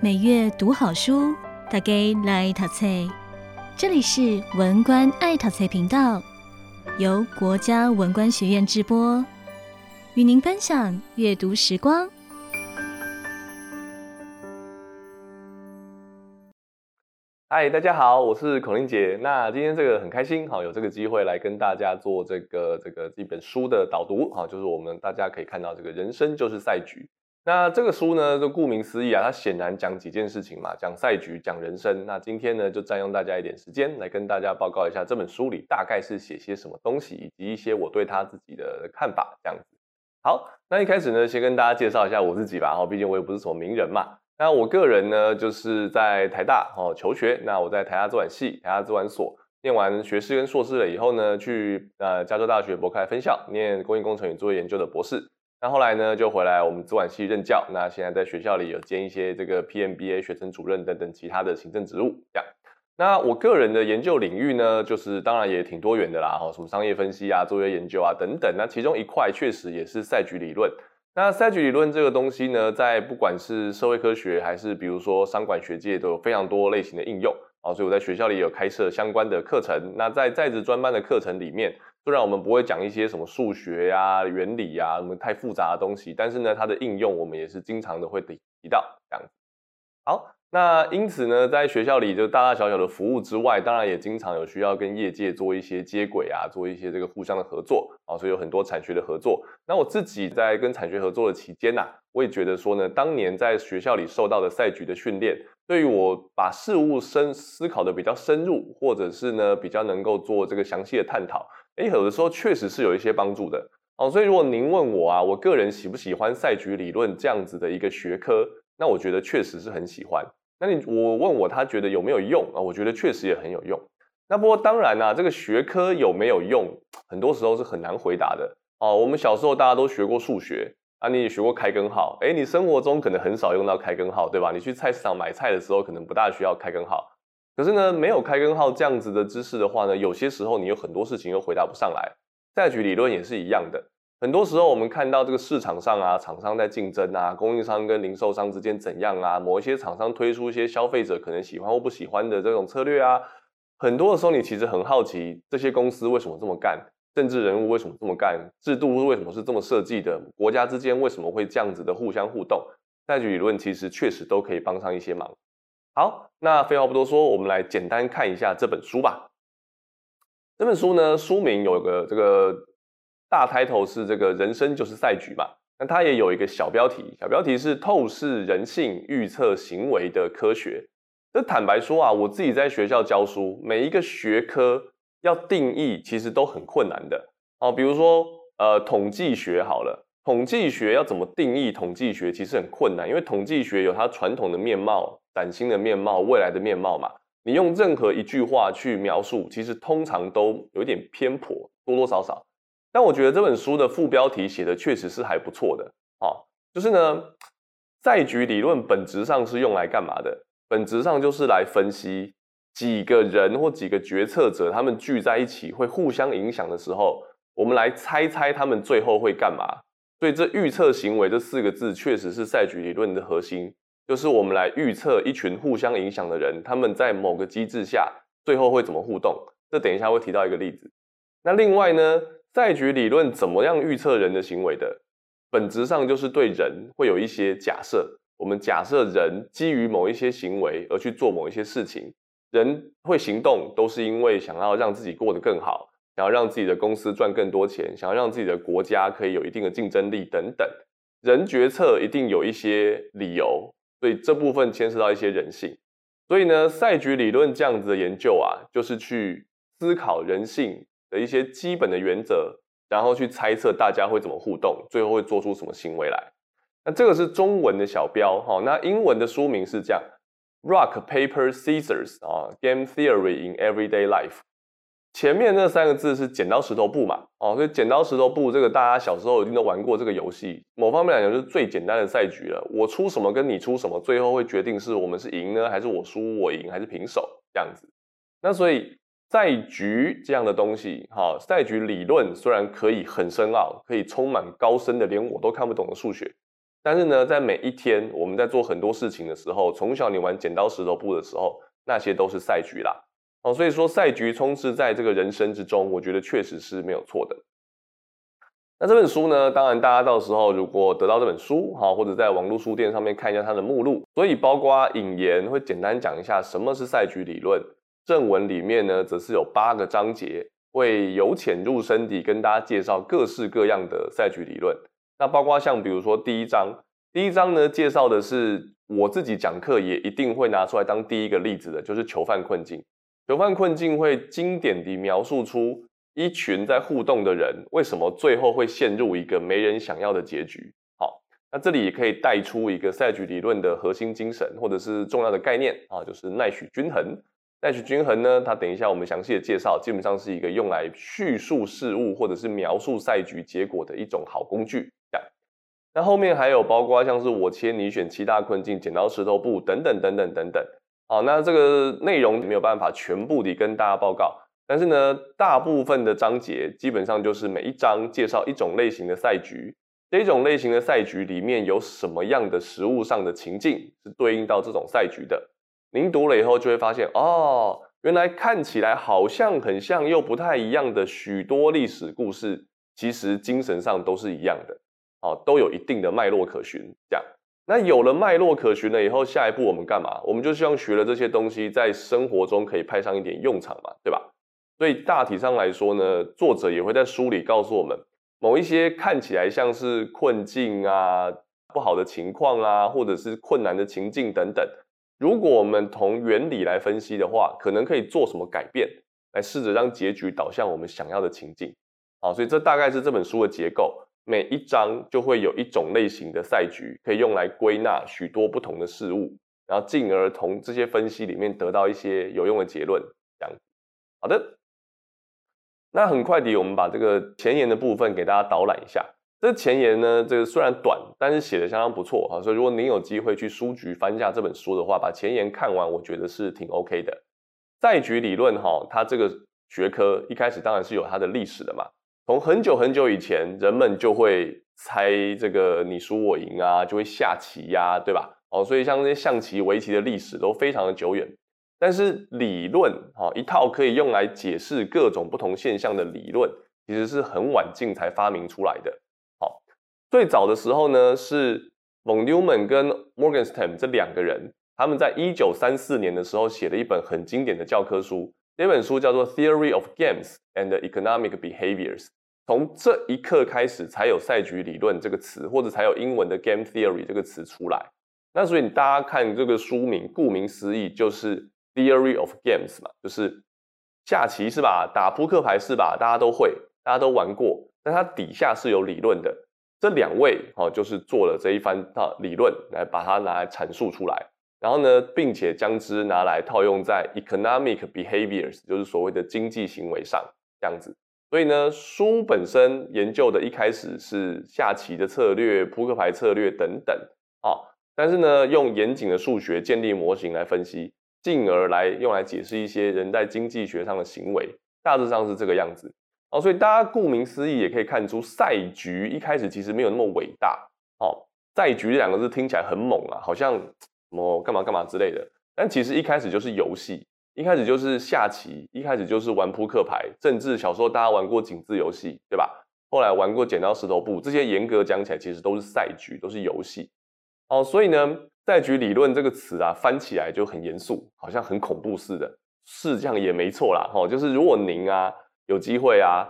每月讀好書，大家來淘菜。這裡是文官愛淘菜頻道，由國家文官學院直播，與您分享閱讀時光。嗨，大家好，我是孔令傑。那今天這個很開心，有這個機會來跟大家做這個這個一本書的導讀，就是我們大家可以看到這個人生就是賽局。那這個書呢，就顧名思義啊，它顯然講幾件事情嘛，講賽局，講人生。那今天呢，就占用大家一點時間，來跟大家報告一下這本書裡大概是寫些什麼東西，以及一些我對他自己的看法，這樣子。好，那一開始呢，先跟大家介紹一下我自己吧。哦，畢竟我也不是什麼名人嘛。那我個人呢，就是在台大哦求學，那我在台大資管系，台大資管所，念完學士跟碩士了以後呢，去呃加州大學柏克萊分校念工業工程與作業研究的博士。那後來呢，就回來我們資管系任教。那現在在學校裡有兼一些這個 PMBA 學生主任等等其他的行政職務。這樣，那我個人的研究領域呢，就是當然也挺多元的啦。哈，什麼商業分析啊、作業研究啊等等。那其中一塊確實也是賽局理論。那賽局理論這個東西呢，在不管是社會科學還是比如說商管學界，都有非常多類型的應用。啊，所以我在學校裡有開設相關的課程。那在在職專班的課程裡面。雖然我們不會講一些什麼數學呀、啊、原理呀、啊、什麼太複雜的東西，但是呢，它的應用我們也是經常的會提提到這樣子。好，那因此呢，在學校裡就大大小小的服務之外，當然也經常有需要跟業界做一些接軌啊，做一些這個互相的合作啊，所以有很多產學的合作。那我自己在跟產學合作的期間吶、啊，我也覺得說呢，當年在學校裡受到的賽局的訓練，對於我把事物深思考的比較深入，或者是呢比較能夠做這個詳細的探討。哎，有的時候確實是有一些幫助的哦。所以如果您問我啊，我個人喜不喜歡賽局理論這樣子的一個學科，那我覺得確實是很喜歡。那你我問我他覺得有沒有用啊？我覺得確實也很有用。那不過當然啊，這個學科有沒有用，很多時候是很難回答的哦。我們小時候大家都學過數學啊，你也學過開根號。哎，你生活中可能很少用到開根號，對吧？你去菜市場買菜的時候，可能不大需要開根號。可是呢，沒有開根號這樣子的知識的話呢，有些時候你有很多事情又回答不上來。賽局理論也是一樣的，很多時候我們看到這個市場上啊，廠商在競爭啊，供應商跟零售商之間怎樣啊，某一些廠商推出一些消費者可能喜歡或不喜歡的這種策略啊，很多的時候你其實很好奇這些公司為什麼這麼幹，政治人物為什麼這麼幹，制度為什麼是這麼設計的，國家之間為什麼會這樣子的互相互動？賽局理論其實確實都可以幫上一些忙。好，那廢話不多說，我們來簡單看一下這本書吧。這本書呢，書名有個這個大開頭是“這個人生就是賽局”嘛。那它也有一個小標題，小標題是“透視人性、預測行為的科學”。這坦白說啊，我自己在學校教書，每一個學科要定義其實都很困難的哦。比如說，呃，統計學好了，統計學要怎麼定義？統計學其實很困難，因為統計學有它傳統的面貌。嶄新的面貌，未來的面貌嘛？你用任何一句話去描述，其實通常都有點偏頗，多多少少。但我覺得這本書的副標題寫的確實是還不錯的啊、哦，就是呢，賽局理論本質上是用來幹嘛的？本質上就是來分析幾個人或幾個決策者他們聚在一起會互相影響的時候，我們來猜猜他們最後會幹嘛。所以這預測行為這四個字，確實是賽局理論的核心。就是我們來預測一群互相影響的人，他們在某個機制下最後會怎麼互動？這等一下會提到一個例子。那另外呢，賽局理論怎麼樣預測人的行為的？本質上就是對人會有一些假設。我們假設人基於某一些行為而去做某一些事情，人會行動都是因為想要讓自己過得更好，想要讓自己的公司賺更多錢，想要讓自己的國家可以有一定的競爭力等等。人決策一定有一些理由。所以這部分牽涉到一些人性，所以呢，賽局理論這樣子的研究啊，就是去思考人性的一些基本的原則，然後去猜測大家會怎麼互動，最後會做出什麼行為來。那這個是中文的小標，好，那英文的書名是這樣：Rock, Paper, Scissors，啊，Game Theory in Everyday Life。前面那三個字是剪刀石頭布嘛？哦，所以剪刀石頭布這個大家小時候一定都玩過這個遊戲。某方面來講，就是最簡單的賽局了。我出什麼跟你出什麼，最後會決定是我們是贏呢，還是我輸我贏，還是平手這樣子。那所以賽局這樣的東西，哈、哦，賽局理論雖然可以很深奧，可以充滿高深的連我都看不懂的數學，但是呢，在每一天我們在做很多事情的時候，從小你玩剪刀石頭布的時候，那些都是賽局啦。所以說，賽局充斥在這個人生之中，我覺得確實是沒有錯的。那這本書呢，當然大家到時候如果得到這本書哈，或者在網絡書店上面看一下它的目錄。所以包括引言會簡單講一下什麼是賽局理論，正文裡面呢則是有八個章節，會由淺入深地跟大家介紹各式各樣的賽局理論。那包括像比如說第一章，第一章呢介紹的是我自己講課也一定會拿出來當第一個例子的，就是囚犯困境。囚犯困境會經典地描述出一群在互動的人為什麼最後會陷入一個沒人想要的結局。好，那這裡也可以帶出一個賽局理論的核心精神或者是重要的概念啊，就是納許均衡。納許均衡呢，它等一下我們詳細地介紹，基本上是一個用來敘述事物或者是描述賽局結果的一種好工具。那後面還有包括像是我切你選七大困境、剪刀石頭布等等等等等等。等等等等好，那這個內容沒有辦法全部的跟大家報告，但是呢，大部分的章節基本上就是每一章介紹一種類型的賽局，這一種類型的賽局裡面有什麼樣的實務上的情境是對應到這種賽局的。您讀了以後就會發現，哦，原來看起來好像很像又不太一樣的許多歷史故事，其實精神上都是一樣的，哦，都有一定的脈絡可循，這樣。那有了脈絡可循了以後，下一步我們幹嘛？我們就希望學了這些東西，在生活中可以派上一點用場嘛，對吧？所以大體上來說呢，作者也會在書裡告訴我們，某一些看起來像是困境啊、不好的情況啊，或者是困難的情境等等，如果我們從原理來分析的話，可能可以做什麼改變，來試着讓結局導向我們想要的情境。好，所以這大概是這本書的結構。每一章就會有一種類型的賽局，可以用來歸納許多不同的事物，然後進而從這些分析裡面得到一些有用的結論。這樣子，好的，那很快的，我們把這個前言的部分給大家導覽一下。這個前言呢，這個雖然短，但是寫的相當不錯哈。所以，如果您有機會去書局翻一下這本書的話，把前言看完，我覺得是挺 OK 的。賽局理論哈，它這個學科一開始當然是有它的歷史的嘛。從很久很久以前，人們就會猜這個你輸我贏啊，就會下棋呀、啊，對吧？哦，所以像這些象棋、圍棋的歷史都非常的久遠。但是理論，一套可以用來解釋各種不同現象的理論，其實是很晚近才發明出來的。好，最早的時候呢，是 Von Neumann 跟 Morgenstern 這兩個人，他們在一九三四年的時候寫了一本很經典的教科書，這本書叫做《Theory of Games and Economic Behaviors》。從這一刻開始，才有“賽局理論”這個詞，或者才有英文的 “game theory” 這個詞出來。那所以大家看這個書名，顧名思義就是 “theory of games” 嘛，就是下棋是吧？打撲克牌是吧？大家都會，大家都玩過。但它底下是有理論的。這兩位哦，就是做了這一番理論來把它拿來闡述出來，然後呢，並且將之拿來套用在 economic behaviors，就是所謂的經濟行為上，這樣子。所以呢，書本身研究的一開始是下棋的策略、撲克牌策略等等啊，哦，但是呢，用嚴謹的數學建立模型來分析，進而來用來解釋一些人在經濟學上的行為，大致上是這個樣子哦。所以大家顧名思義也可以看出，賽局一開始其實沒有那麼偉大哦。賽局這兩個字聽起來很猛啊，好像什麼幹嘛幹嘛之類的，但其實一開始就是遊戲。一開始就是下棋，一開始就是玩撲克牌，甚至小時候大家玩過井字遊戲，對吧？後來玩過剪刀石頭布，這些嚴格講起來其實都是賽局，都是遊戲。哦，所以呢，賽局理論這個詞啊，翻起來就很嚴肅，好像很恐怖似的。是這樣也沒錯啦，哦，就是如果您啊有機會啊，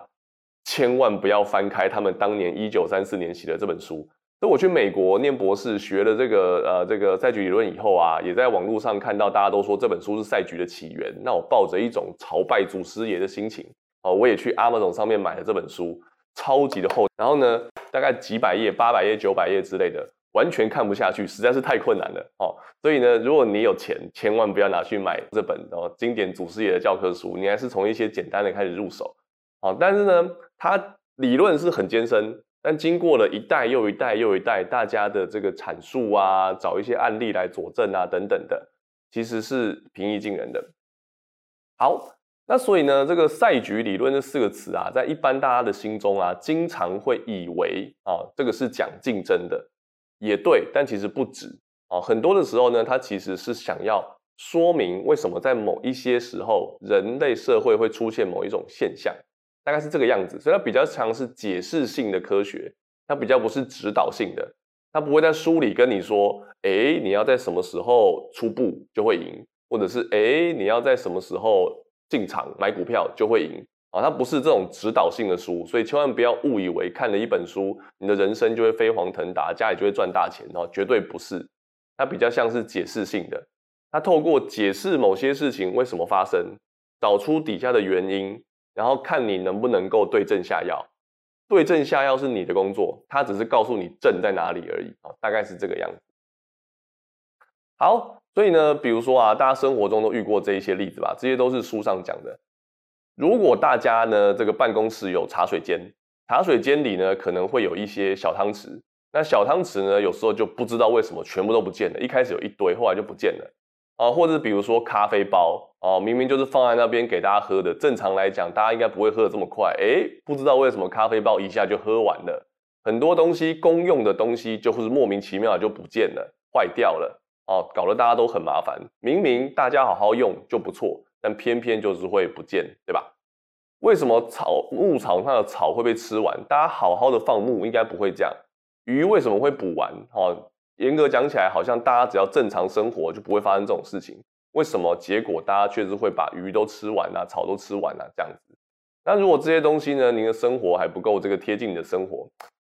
千萬不要翻開他們當年一九三四年寫的這本書。所以我去美國念博士，學了這個呃這個賽局理論以後啊，也在網絡上看到大家都說這本書是賽局的起源。那我抱着一種朝拜祖師爺的心情哦，我也去 Amazon 上面買了這本書，超級的厚，然後呢大概幾百頁、八百頁、九百頁之類的，完全看不下去，實在是太困難了哦。所以呢，如果你有錢，千萬不要拿去買這本哦經典祖師爺的教科書，你還是從一些簡單的開始入手。哦，但是呢，它理論是很艱深。但經過了一代又一代又一代大家的這個闡述啊，找一些案例來佐證啊等等的，其實是平易近人的。好，那所以呢，這個賽局理論這四個詞啊，在一般大家的心中啊，經常會以為啊，這個是講競爭的，也對，但其實不止啊，很多的時候呢，它其實是想要說明為什麼在某一些時候，人類社會會，會出現某一種現象。大概是這個樣子，所以它比較像是解釋性的科學，它比較不是指導性的，它不會在書裡跟你說，哎，你要在什麼時候出步就會贏，或者是哎，你要在什麼時候進場買股票就會贏啊，它不是這種指導性的書，所以千萬不要誤以為看了一本書，你的人生就會飛黃騰達，家裡就會賺大錢，絕對不是，它比較像是解釋性的，它透過解釋某些事情為什麼發生，找出底下的原因。然後看你能不能夠對症下藥，對症下藥是你的工作，它只是告訴你症在哪裡而已啊，大概是這個樣子。好，所以呢，比如說啊，大家生活中都遇過這一些例子吧，這些都是書上講的。如果大家呢，這個辦公室有茶水間，茶水間裡呢可能會有一些小湯匙，那小湯匙呢有時候就不知道為什麼全部都不見了，一開始有一堆，後來就不見了。啊，或者是比如說咖啡包啊，明明就是放在那邊給大家喝的，正常來講大家應該不會喝得這麼快。誒，不知道為什麼咖啡包一下就喝完了。很多東西公用的東西，就是莫名其妙的就不見了，壞掉了，哦，搞得大家都很麻煩。明明大家好好用就不錯，但偏偏就是會不見，對吧？為什麼草牧場上的草會被吃完？大家好好的放牧應該不會這樣。魚為什麼會捕完？嚴格講起來，好像大家只要正常生活就不會發生這種事情。為什麼？結果大家確實會把魚都吃完了，啊，草都吃完了，啊，這樣子？那如果這些東西呢？您的生活還不夠這個貼近你的生活。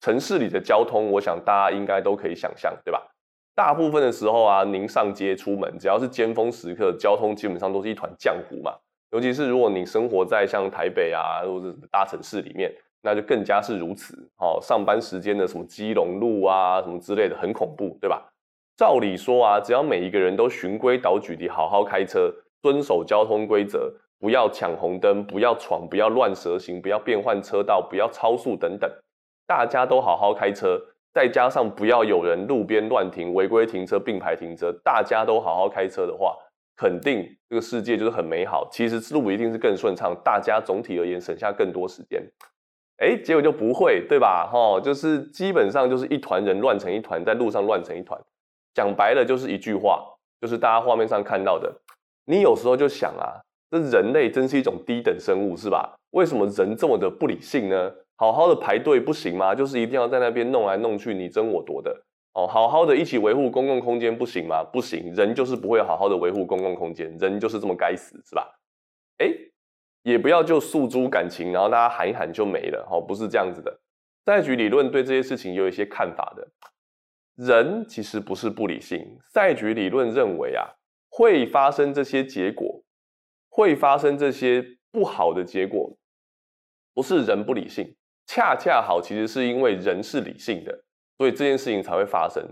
城市裡的交通，我想大家應該都可以想象，對吧？大部分的時候啊，您上街出門，只要是尖峰時刻，交通基本上都是一團漿糊嘛。尤其是如果您生活在像台北啊，或者是大城市裡面。那就更加是如此。好、哦，上班時間的什麼基隆路啊，什麼之類的，很恐怖，對吧？照理說啊，只要每一個人都循規蹈矩的好好開車，遵守交通規則，不要搶紅燈，不要闖，不要亂蛇行，不要變換車道，不要超速等等，大家都好好開車，再加上不要有人路邊亂停，違規停車，並排停車，大家都好好開車的話，肯定這個世界就是很美好。其實路不一定是更順暢，大家總體而言省下更多時間。哎，結果就不會，對吧？齁，就是基本上就是一團人亂成一團，在路上亂成一團。講白了就是一句話，就是大家畫面上看到的。你有時候就想啊，這人類真是一種低等生物，是吧？為什麼人這麼的不理性呢？好好的排隊不行嗎？就是一定要在那邊弄來弄去，你爭我奪的哦。好好的一起維護公共空間不行嗎？不行，人就是不會好好的維護公共空間，人就是這麼該死，是吧？哎。也不要就訴諸感情，然後大家喊一喊就沒了齁，不是這樣子的。賽局理論對這些事情有一些看法的。人其實不是不理性。賽局理論認為啊，會發生這些結果，會發生這些不好的結果，不是人不理性，恰恰好，其實是因為人是理性的，所以這件事情才會發生。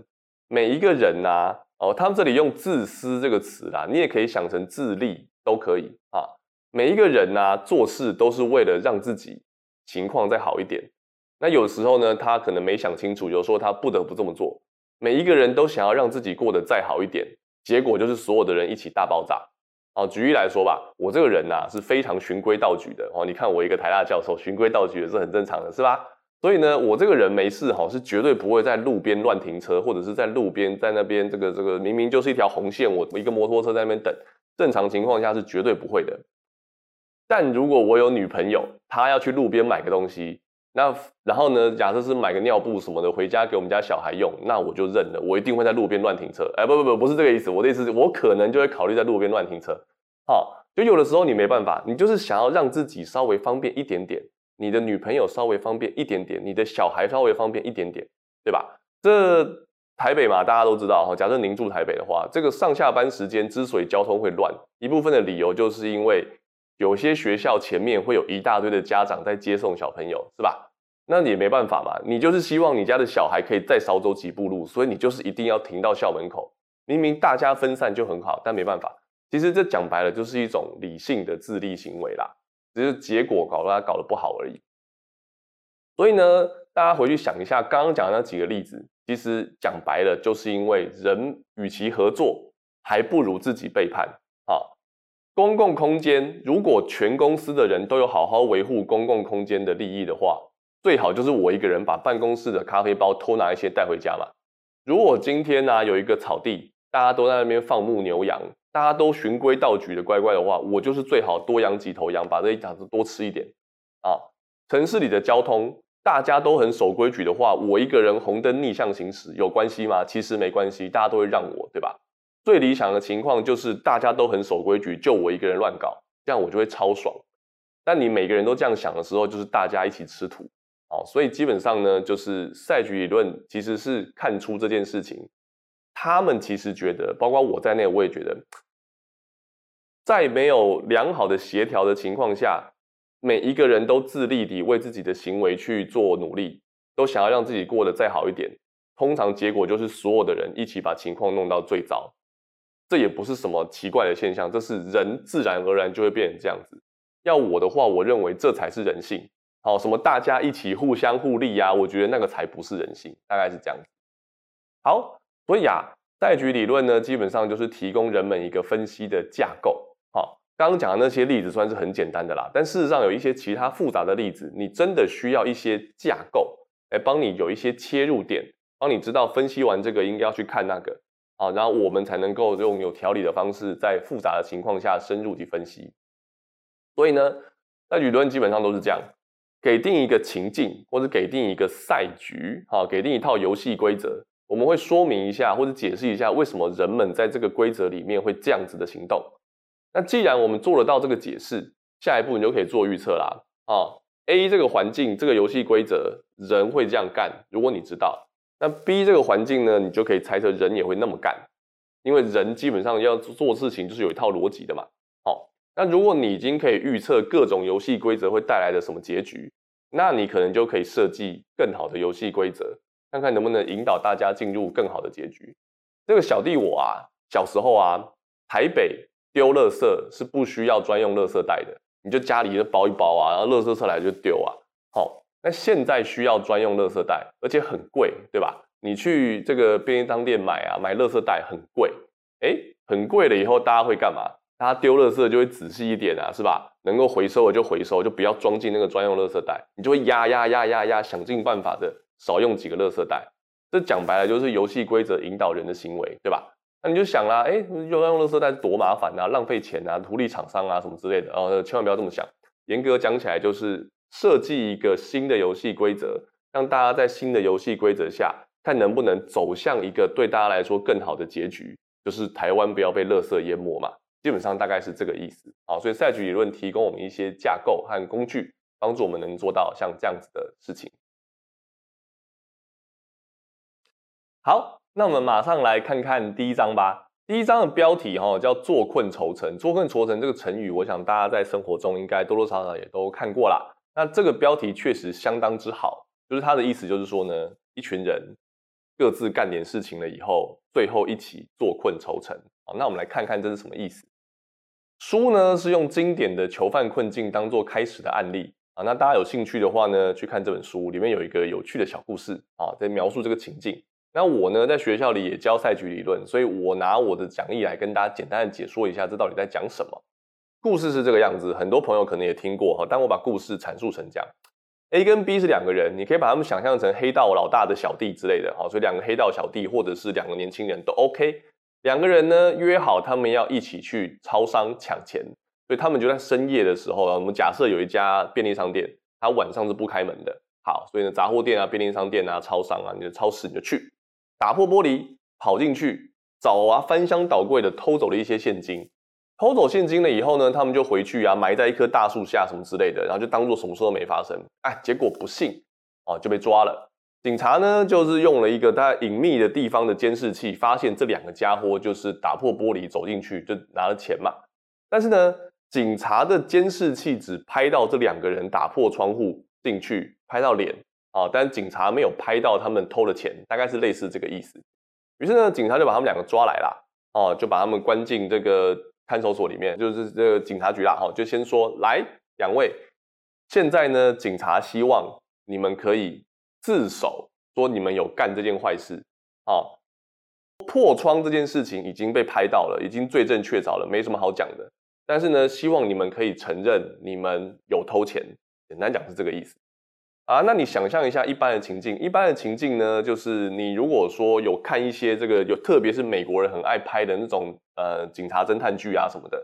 每一個人啊，哦，他們這裡用“自私”這個詞啦，你也可以想成“自利”都可以啊。每一個人吶、啊，做事都是為了讓自己情況再好一點。那有時候呢，他可能沒想清楚，有時候他不得不這麼做。每一個人都想要讓自己過得再好一點，結果就是所有的人一起大爆炸。啊，舉例來說吧，我這個人吶、啊、是非常循規蹈矩的。哦，你看我一個台大教授，循規蹈矩也是很正常的，是吧？所以呢，我這個人沒事哈，是絕對不會在路邊亂停車，或者是在路邊在那邊這個這個明明就是一條紅線，我我一個摩托車在那邊等，正常情況下是絕對不會的。但如果我有女朋友，她要去路邊買個東西，那然後呢？假設是買個尿布什麼的，回家給我們家小孩用，那我就認了，我一定會在路邊亂停車。哎，不不不，不是這個意思，我的意思是我可能就會考慮在路邊亂停車。好，就有的時候你沒辦法，你就是想要讓自己稍微方便一點點，你的女朋友稍微方便一點點，你的小孩稍微方便一點點，對吧？這台北嘛，大家都知道哈。假設您住台北的話，這個上下班時間之所以交通會亂，一部分的理由就是因為。有些學校前面會有一大堆的家長在接送小朋友，是吧？那也沒辦法嘛，你就是希望你家的小孩可以再少走幾步路，所以你就是一定要停到校門口。明明大家分散就很好，但沒辦法。其實這講白了就是一種理性的自利行為啦，只是結果搞得他搞得不好而已。所以呢，大家回去想一下剛剛講的那幾個例子，其實講白了就是因為人與其合作，還不如自己背叛，哦。公共空間，如果全公司的人都有好好維護公共空間的利益的話，最好就是我一個人把辦公室的咖啡包偷拿一些帶回家嘛。如果今天呢，啊，有一個草地，大家都在那邊放牧牛羊，大家都循規蹈矩的乖乖的話，我就是最好多養幾頭羊，把這一場子多吃一點啊。城市裡的交通，大家都很守規矩的話，我一個人紅燈逆向行駛，有關係嗎？其實沒關係，大家都會讓我，對吧？最理想的情況就是大家都很守規矩，就我一個人亂搞，這樣我就會超爽。但你每個人都這樣想的時候，就是大家一起吃土哦。所以基本上呢，就是賽局理論其實是看出這件事情。他們其實覺得，包括我在內，我也覺得，在沒有良好的協調的情況下，每一個人都自利地為自己的行為去做努力，都想要讓自己過得再好一點。通常結果就是所有的人一起把情況弄到最糟。這也不是什麼奇怪的現象，這是人自然而然就會變成這樣子。要我的話，我認為這才是人性。好，什麼大家一起互相互利啊，我覺得那個才不是人性，大概是這樣子。好，所以啊，賽局理論呢，基本上就是提供人們一個分析的架構。好，剛剛講的那些例子算是很簡單的啦，但事實上有一些其他複雜的例子，你真的需要一些架構來幫你有一些切入點，幫你知道分析完這個應該要去看那個。啊，然後我們才能夠用有條理的方式，在複雜的情況下深入去分析。所以呢，那理論基本上都是這樣，給定一個情境或者給定一個賽局，啊，給定一套遊戲規則，我們會說明一下或者解釋一下為什麼人們在這個規則裡面會這樣子的行動。那既然我們做得到這個解釋，下一步你就可以做預測啦。啊，A 這個環境，這個遊戲規則，人會這樣幹。如果你知道。那 B 這個環境呢，你就可以猜測人也會那麼幹，因為人基本上要做事情就是有一套邏輯的嘛。好、哦，那如果你已經可以預測各種遊戲規則會帶來的什麼結局，那你可能就可以設計更好的遊戲規則，看看能不能引導大家進入更好的結局。這、那個小弟我啊，小時候啊，台北丟垃圾是不需要專用垃圾袋的，你就家裡就包一包啊，然後垃圾車來就丟啊。好、哦。那現在需要專用垃圾袋，而且很貴，對吧？你去這個便利商店買啊，買垃圾袋很貴，哎，很貴了以後，大家會幹嘛？大家丟垃圾就會仔細一點啊，是吧？能夠回收的就回收，就不要裝進那個專用垃圾袋。你就會壓壓壓壓壓，想盡辦法的少用幾個垃圾袋。這講白了就是遊戲規則引導人的行為，對吧？那你就想啦、啊，哎，用用垃圾袋多麻煩啊，浪費錢啊，圖利廠商啊什麼之類的啊、哦，千萬不要這麼想。嚴格講起來就是。設計一個新的遊戲規則，讓大家在新的遊戲規則下，看能不能走向一個對大家來說更好的結局，就是台灣不要被垃圾淹沒嘛。基本上大概是這個意思。好，所以賽局理論提供我們一些架構和工具，幫助我們能做到像這樣子的事情。好，那我們馬上來看看第一章吧。第一章的標題哈、哦、叫做困“坐困愁城”。坐困愁城這個成語，我想大家在生活中應該多多少少也都看過啦。那這個標題確實相當之好，就是它的意思就是說呢，一群人各自幹點事情了以後，最後一起坐困愁城。好，那我們來看看這是什麼意思。書呢是用經典的囚犯困境當做開始的案例啊。那大家有興趣的話呢，去看這本書裡面有一個有趣的小故事啊，在描述這個情境。那我呢在學校裡也教賽局理論，所以我拿我的講義來跟大家簡單的解說一下，這到底在講什麼。故事是這個樣子，很多朋友可能也聽過哈。但我把故事闡述成這樣，A 跟 B 是兩個人，你可以把他們想象成黑道老大的小弟之類的哈。所以兩個黑道小弟或者是兩個年輕人都 OK。兩個人呢約好，他們要一起去超商搶錢，所以他們就在深夜的時候，我們假設有一家便利商店，它晚上是不開門的。好，所以呢雜貨店啊、便利商店啊、超商啊，你就超市，你就去，打破玻璃跑進去，找啊翻箱倒櫃的偷走了一些現金。偷走現金了以後呢，他們就回去啊，埋在一棵大樹下什麼之類的，然後就當做什麼事都沒發生。哎，結果不幸、哦、就被抓了。警察呢，就是用了一個大家隱秘的地方的監視器，發現這兩個家伙就是打破玻璃走進去就拿了錢嘛。但是呢，警察的監視器只拍到這兩個人打破窗戶進去，拍到臉啊、哦，但警察沒有拍到他們偷了錢，大概是類似這個意思。於是呢，警察就把他們兩個抓來了，哦，就把他們關進這個。看守所裡面就是這個警察局啦，哈，就先說來兩位，現在呢，警察希望你們可以自首，說你們有幹這件壞事，啊、哦，破窗這件事情已經被拍到了，已經罪證確鑿了，沒什麼好講的。但是呢，希望你們可以承認你們有偷錢，簡單講是這個意思。啊，那你想象一下一般的情境，一般的情境呢，就是你如果說有看一些這個，有特別是美國人很愛拍的那種呃、警察偵探劇啊什麼的，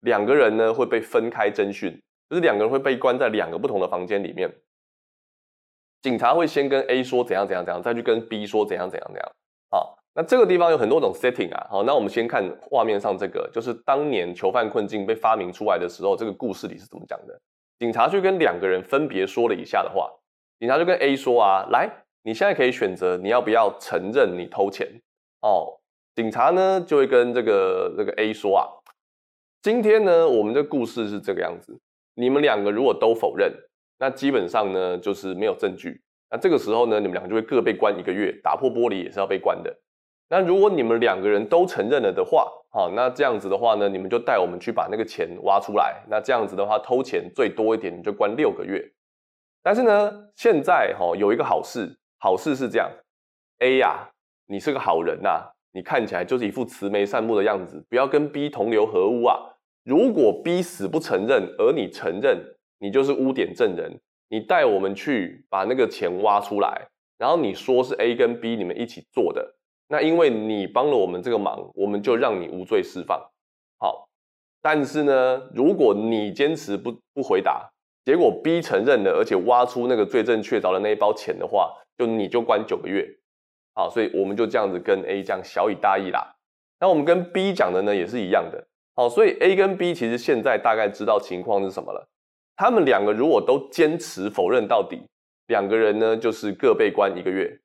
兩個人呢會被分開偵訊，就是兩個人會被關在兩個不同的房間裡面，警察會先跟 A 說怎樣怎樣怎樣，再去跟 B 說怎樣怎樣怎樣。好，那這個地方有很多種 setting 啊，好，那我們先看畫面上這個，就是當年囚犯困境被發明出來的時候，這個故事裡是怎麼講的？警察去跟兩個人分別說了以下的話。警察就跟 A 說啊，來，你現在可以選擇，你要不要承認你偷錢？哦，警察呢就會跟這個這個 A 說啊，今天呢我們的故事是這個樣子，你們兩個如果都否認，那基本上呢就是沒有證據，那這個時候呢你們兩個就會各被關一個月，打破玻璃也是要被關的。那如果你們兩個人都承認了的話，好，哦，那這樣子的話呢，你們就帶我們去把那個錢挖出來，那這樣子的話偷錢最多一點你就關六個月。但是呢，現在哈，有一個好事，好事是這樣：A 呀，你是個好人吶，你看起來就是一副慈眉善目的樣子，不要跟 B 同流合污啊。如果 B 死不承認，而你承認，你就是污點證人，你帶我們去把那個錢挖出來，然後你說是 A 跟 B 你們一起做的，那因為你幫了我們這個忙，我們就讓你無罪釋放。好，但是呢，如果你堅持不不回答。結果 B 承認了，而且挖出那個罪證確鑿的那一包錢的話，就你就關九個月。好，所以我們就這樣子跟 A 講，曉以大義啦。那我們跟 B 講的呢也是一樣的。好，所以 A 跟 B 其實現在大概知道情況是什麼了。他們兩個如果都堅持否認到底，兩個人呢就是各被關一個月。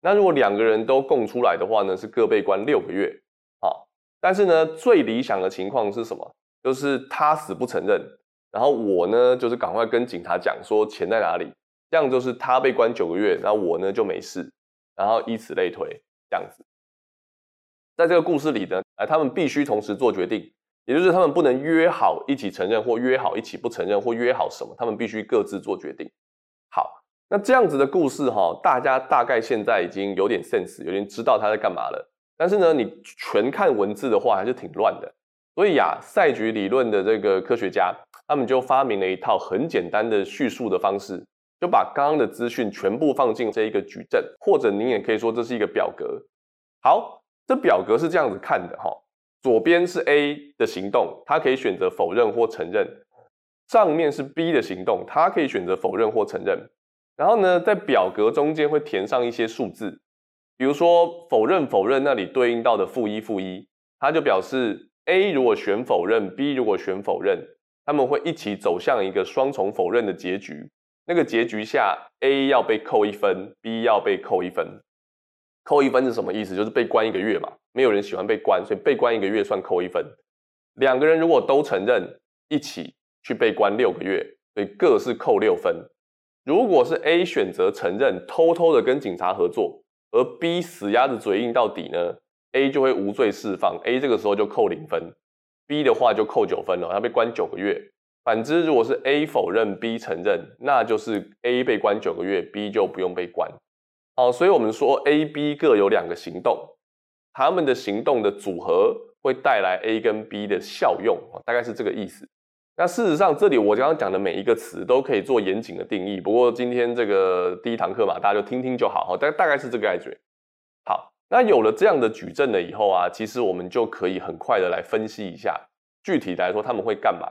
那如果兩個人都供出來的話呢，是各被關六個月。好，但是呢，最理想的情況是什麼？就是他死不承認。然後我呢，就是趕快跟警察講說錢在哪裡，這樣就是他被關九個月，然後我呢就沒事，然後以此類推，這樣子。在這個故事裡呢，哎，他們必須同時做決定，也就是他們不能約好一起承認，或約好一起不承認，或約好什麼，他們必須各自做決定。好，那這樣子的故事哈，大家大概現在已經有點 sense，有點知道他在幹嘛了。但是呢，你全看文字的話，還是挺亂的。所以啊，呀，賽局理論的這個科學家，他們就發明了一套很簡單的敘述的方式，就把剛剛的資訊全部放進這一個矩陣，或者您也可以說這是一個表格。好，這表格是這樣子看的哈，左邊是 A 的行動，它可以選擇否認或承認；上面是 B 的行動，它可以選擇否認或承認。然後呢，在表格中間會填上一些數字，比如說否認否認那裡對應到的負一負一，它就表示。A 如果選否認，B 如果選否認，他們會一起走向一個雙重否認的結局。那個結局下，A 要被扣一分，B 要被扣一分。扣一分是什麼意思？就是被關一個月嘛。沒有人喜歡被關，所以被關一個月算扣一分。兩個人如果都承認，一起去被關六個月，所以各是扣六分。如果是 A 選擇承認，偷偷的跟警察合作，而 B 死鴨子嘴硬到底呢？A 就會無罪釋放，A 這個時候就扣零分，B 的話就扣九分了，他被關九個月。反之，如果是 A 否認，B 承認，那就是 A 被關九個月，B 就不用被關。哦，所以我們說 A、B 各有兩個行動，他們的行動的組合會帶來 A 跟 B 的效用，大概是這個意思。那事實上，這裡我剛剛講的每一個詞都可以做嚴謹的定義，不過今天這個第一堂課嘛，大家就聽聽就好，大大概是這個感覺。好。那有了這樣的矩陣了以後啊，其實我們就可以很快的來分析一下，具體來說他們會幹嘛？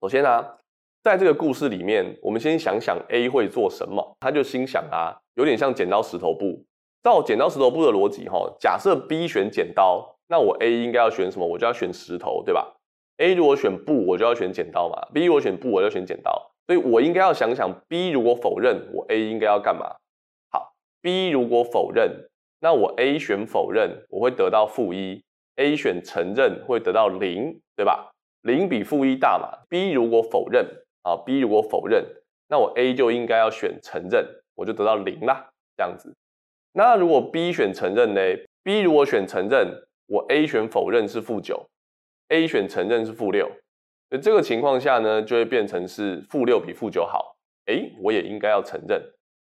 首先啊，在這個故事裡面，我們先想想 A 會做什麼。他就心想啊，有點像剪刀石頭布。照剪刀石頭布的邏輯哈，假設 B 選剪刀，那我 A 應該要選什麼？我就要選石頭，對吧？A 如果選布，我就要選剪刀嘛。B 如果選布，我就選剪刀。所以我應該要想想，B 如果否認，我 A 應該要幹嘛？好，B 如果否認。那我 A 選否認，我會得到負一；A 選承認會得到零，對吧？零比負一大嘛。B 如果否認啊，B 如果否認，那我 A 就應該要選承認，我就得到零啦。這樣子。那如果 B 選承認呢？B 如果選承認，我 A 選否認是負九，A 選承認是負六。那這個情況下呢，就會變成是負六比負九好。哎、欸，我也應該要承認。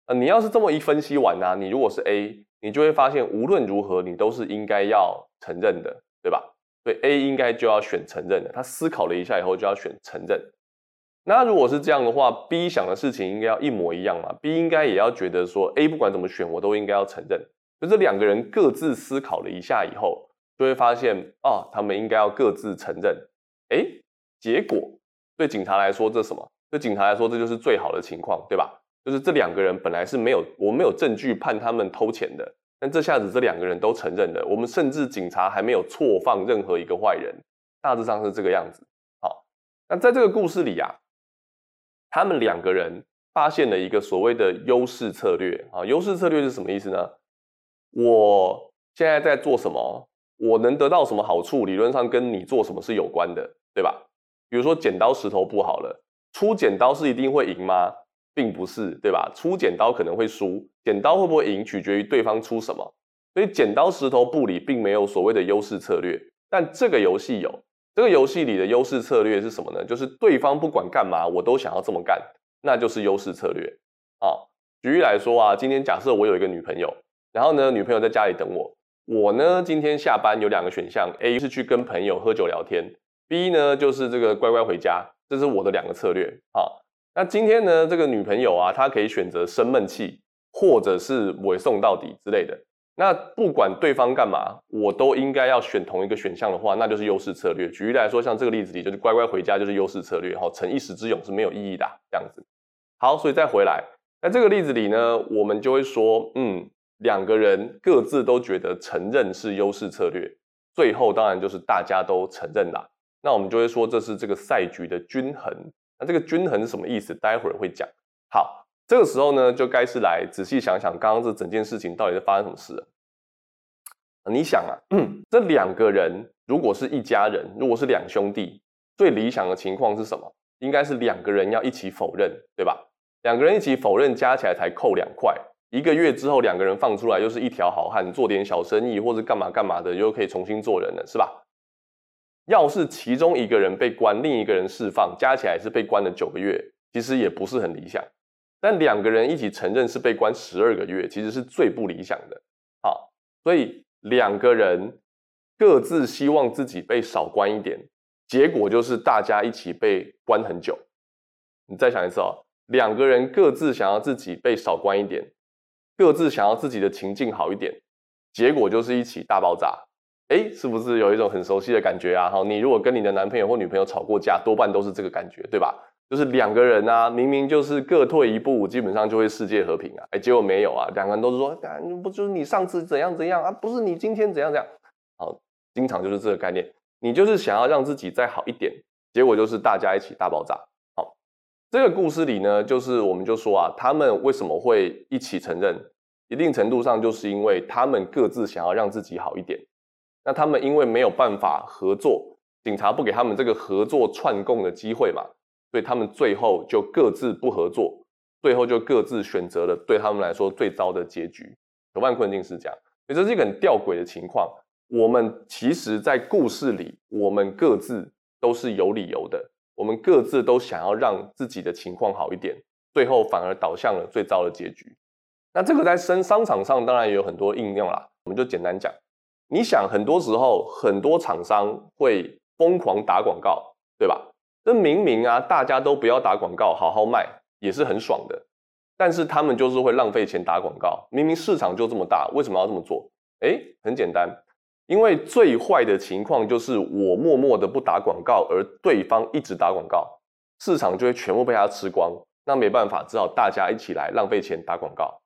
啊、呃，你要是這麼一分析完啊，你如果是 A。你就會發現，無論如何，你都是應該要承認的，對吧？所以 A 應該就要選承認的。他思考了一下以後，就要選承認。那如果是這樣的話，B 想的事情應該要一模一樣嘛？B 應該也要覺得說，A 不管怎麼選，我都應該要承認。就這兩個人各自思考了一下以後，就會發現啊，他們應該要各自承認。誒，結果對警察來說，這什麼？對警察來說，這就是最好的情況，對吧？就是這兩個人本來是沒有，我沒有證據判他們偷錢的，但這下子這兩個人都承認了。我們甚至警察還沒有錯放任何一個壞人，大致上是這個樣子。好，那在這個故事裡啊，他們兩個人發現了一個所謂的優勢策略啊，優勢策略是什麼意思呢？我現在在做什麼，我能得到什麼好處？理論上跟你做什麼是有關的，對吧？比如說剪刀石頭布好了，出剪刀是一定會贏嗎？並不是，對吧？出剪刀可能會輸，剪刀會不會贏取決於對方出什麼。所以剪刀石頭布裡並沒有所謂的優勢策略。但這個遊戲有，這個遊戲裡的優勢策略是什麼呢？就是對方不管幹嘛，我都想要這麼幹，那就是優勢策略啊。舉例來說啊，今天假設我有一個女朋友，然後呢，女朋友在家裡等我，我呢，今天下班有兩個選項，A 是去跟朋友喝酒聊天，B 呢，就是這個乖乖回家，這是我的兩個策略啊。那今天呢，這個女朋友啊，她可以選擇生悶氣，或者是委送到底之類的。那不管對方幹嘛，我都應該要選同一個選項的話，那就是優勢策略。舉例來說，像這個例子裡，就是乖乖回家，就是優勢策略。哈，逞一時之勇是沒有意義的。這樣子，好，所以再回來，在這個例子裡呢，我們就會說，嗯，兩個人各自都覺得承認是優勢策略，最後當然就是大家都承認了。那我們就會說，這是這個賽局的均衡。那、啊、這個均衡是什麼意思？待會兒會講。好，這個時候呢，就該是來仔細想想剛剛這整件事情到底是發生什麼事了。啊、你想啊，這兩個人如果是一家人，如果是兩兄弟，最理想的情況是什麼？應該是兩個人要一起否認，對吧？兩個人一起否認，加起來才扣兩塊。一個月之後，兩個人放出來，又是一條好漢，做點小生意或者幹嘛幹嘛的，又可以重新做人了，是吧？要是其中一個人被關，另一個人釋放，加起來是被關了九個月，其實也不是很理想。但兩個人一起承認是被關十二個月，其實是最不理想的。好，所以兩個人各自希望自己被少關一點，結果就是大家一起被關很久。你再想一次哦，兩個人各自想要自己被少關一點，各自想要自己的情境好一點，結果就是一起大爆炸。哎，是不是有一種很熟悉的感覺啊？好，你如果跟你的男朋友或女朋友吵過架，多半都是這個感覺，對吧？就是兩個人啊，明明就是各退一步，基本上就會世界和平啊。哎，結果沒有啊，兩個人都是說，不就是你上次怎樣怎樣啊？不是你今天怎樣怎樣？好，經常就是這個概念。你就是想要讓自己再好一點，結果就是大家一起大爆炸。好，這個故事裡呢，就是我們就說啊，他們為什麼會一起承認？一定程度上就是因為他們各自想要讓自己好一點。那他們因為沒有辦法合作，警察不給他們這個合作串供的機會嘛，所以他們最後就各自不合作，最後就各自選擇了對他們來說最糟的結局。囚犯困境是這樣，所以這是一個很吊詭的情況。我們其實在故事裡，我們各自都是有理由的，我們各自都想要讓自己的情況好一點，最後反而導向了最糟的結局。那這個在生商場上當然也有很多應用啦，我們就簡單講。你想，很多時候很多廠商會瘋狂打廣告，對吧？那明明啊，大家都不要打廣告，好好賣也是很爽的。但是他們就是會浪費錢打廣告，明明市場就這麼大，為什麼要這麼做？哎，很簡單，因為最壞的情況就是我默默的不打廣告，而對方一直打廣告，市場就會全部被他吃光。那沒辦法，只好大家一起來浪費錢打廣告，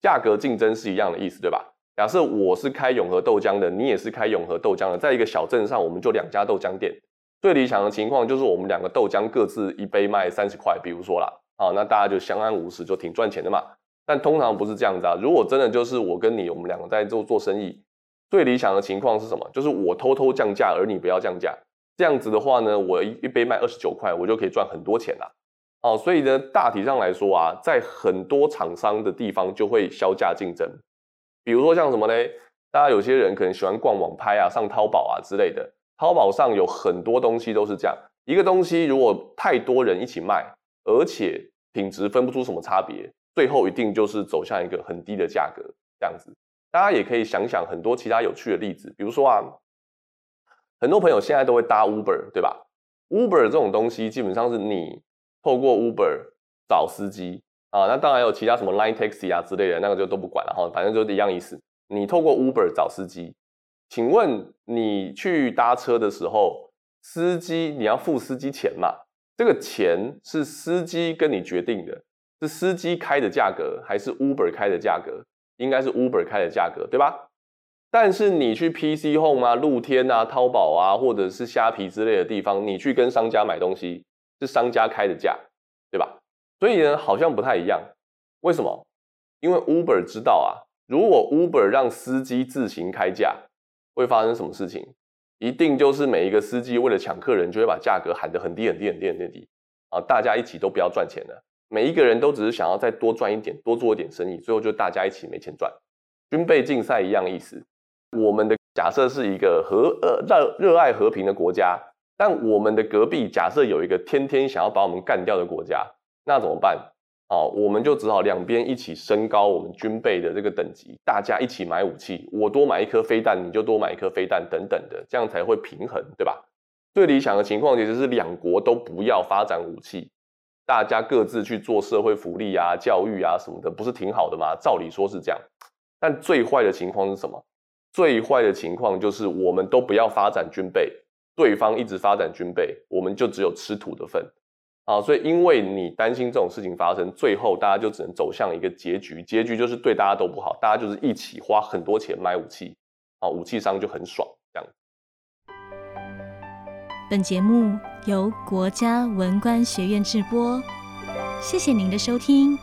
價格競爭是一樣的意思，對吧？假設我是開永和豆漿的，你也是開永和豆漿的，在一個小鎮上，我們就兩家豆漿店。最理想的情況就是我們兩個豆漿各自一杯賣三十塊，比如說啦，啊、哦，那大家就相安無事，就挺賺錢的嘛。但通常不是這樣子啊。如果真的就是我跟你，我們兩個在做做生意，最理想的情況是什麼？就是我偷偷降價，而你不要降價。這樣子的話呢，我一一杯賣二十九塊，我就可以賺很多錢啦。啊、哦，所以呢，大體上來說啊，在很多廠商的地方就會削價競爭。比如說像什麼呢？大家有些人可能喜歡逛網拍啊、上淘寶啊之類的。淘寶上有很多東西都是這樣，一個東西如果太多人一起賣，而且品質分不出什麼差別，最後一定就是走向一個很低的價格，這樣子。大家也可以想想很多其他有趣的例子，比如說啊，很多朋友現在都會搭 Uber，對吧？Uber 這種東西基本上是你透過 Uber 找司機。啊，那當然有其他什麼 Line Taxi 啊之類的，那個就都不管了哈，反正就是一樣意思。你透過 Uber 找司機，請問你去搭車的時候，司機你要付司機錢嘛？這個錢是司機跟你決定的，是司機開的價格還是 Uber 開的價格？應該是 Uber 開的價格，對吧？但是你去 PC Home 啊、露天啊、淘寶啊，或者是蝦皮之類的地方，你去跟商家買東西，是商家開的價，對吧？所以呢，好像不太一樣。為什麼？因為 Uber 知道啊，如果 Uber 讓司機自行開價，會發生什麼事情？一定就是每一個司機為了搶客人，就會把價格喊得很低很低很低很低很低啊！大家一起都不要賺錢了，每一個人都只是想要再多賺一點，多做一點生意，最後就大家一起沒錢賺，軍備競賽一樣意思。我們的假設是一個和、呃、熱熱愛和平的國家，但我們的隔壁假設有一個天天想要把我們幹掉的國家。那怎麼辦？啊、哦，我們就只好兩邊一起升高我們軍備的這個等級，大家一起買武器，我多買一顆飛彈，你就多買一顆飛彈，等等的，這樣才會平衡，對吧？最理想的情況其實是兩國都不要發展武器，大家各自去做社會福利啊、教育啊什麼的，不是挺好的嗎？照理說是這樣，但最壞的情況是什麼？最壞的情況就是我們都不要發展軍備，對方一直發展軍備，我們就只有吃土的份。啊，所以因為你擔心這種事情發生，最後大家就只能走向一個結局，結局就是對大家都不好，大家就是一起花很多錢買武器，啊，武器商就很爽這樣子。本節目由國家文官學院製播，謝謝您的收聽。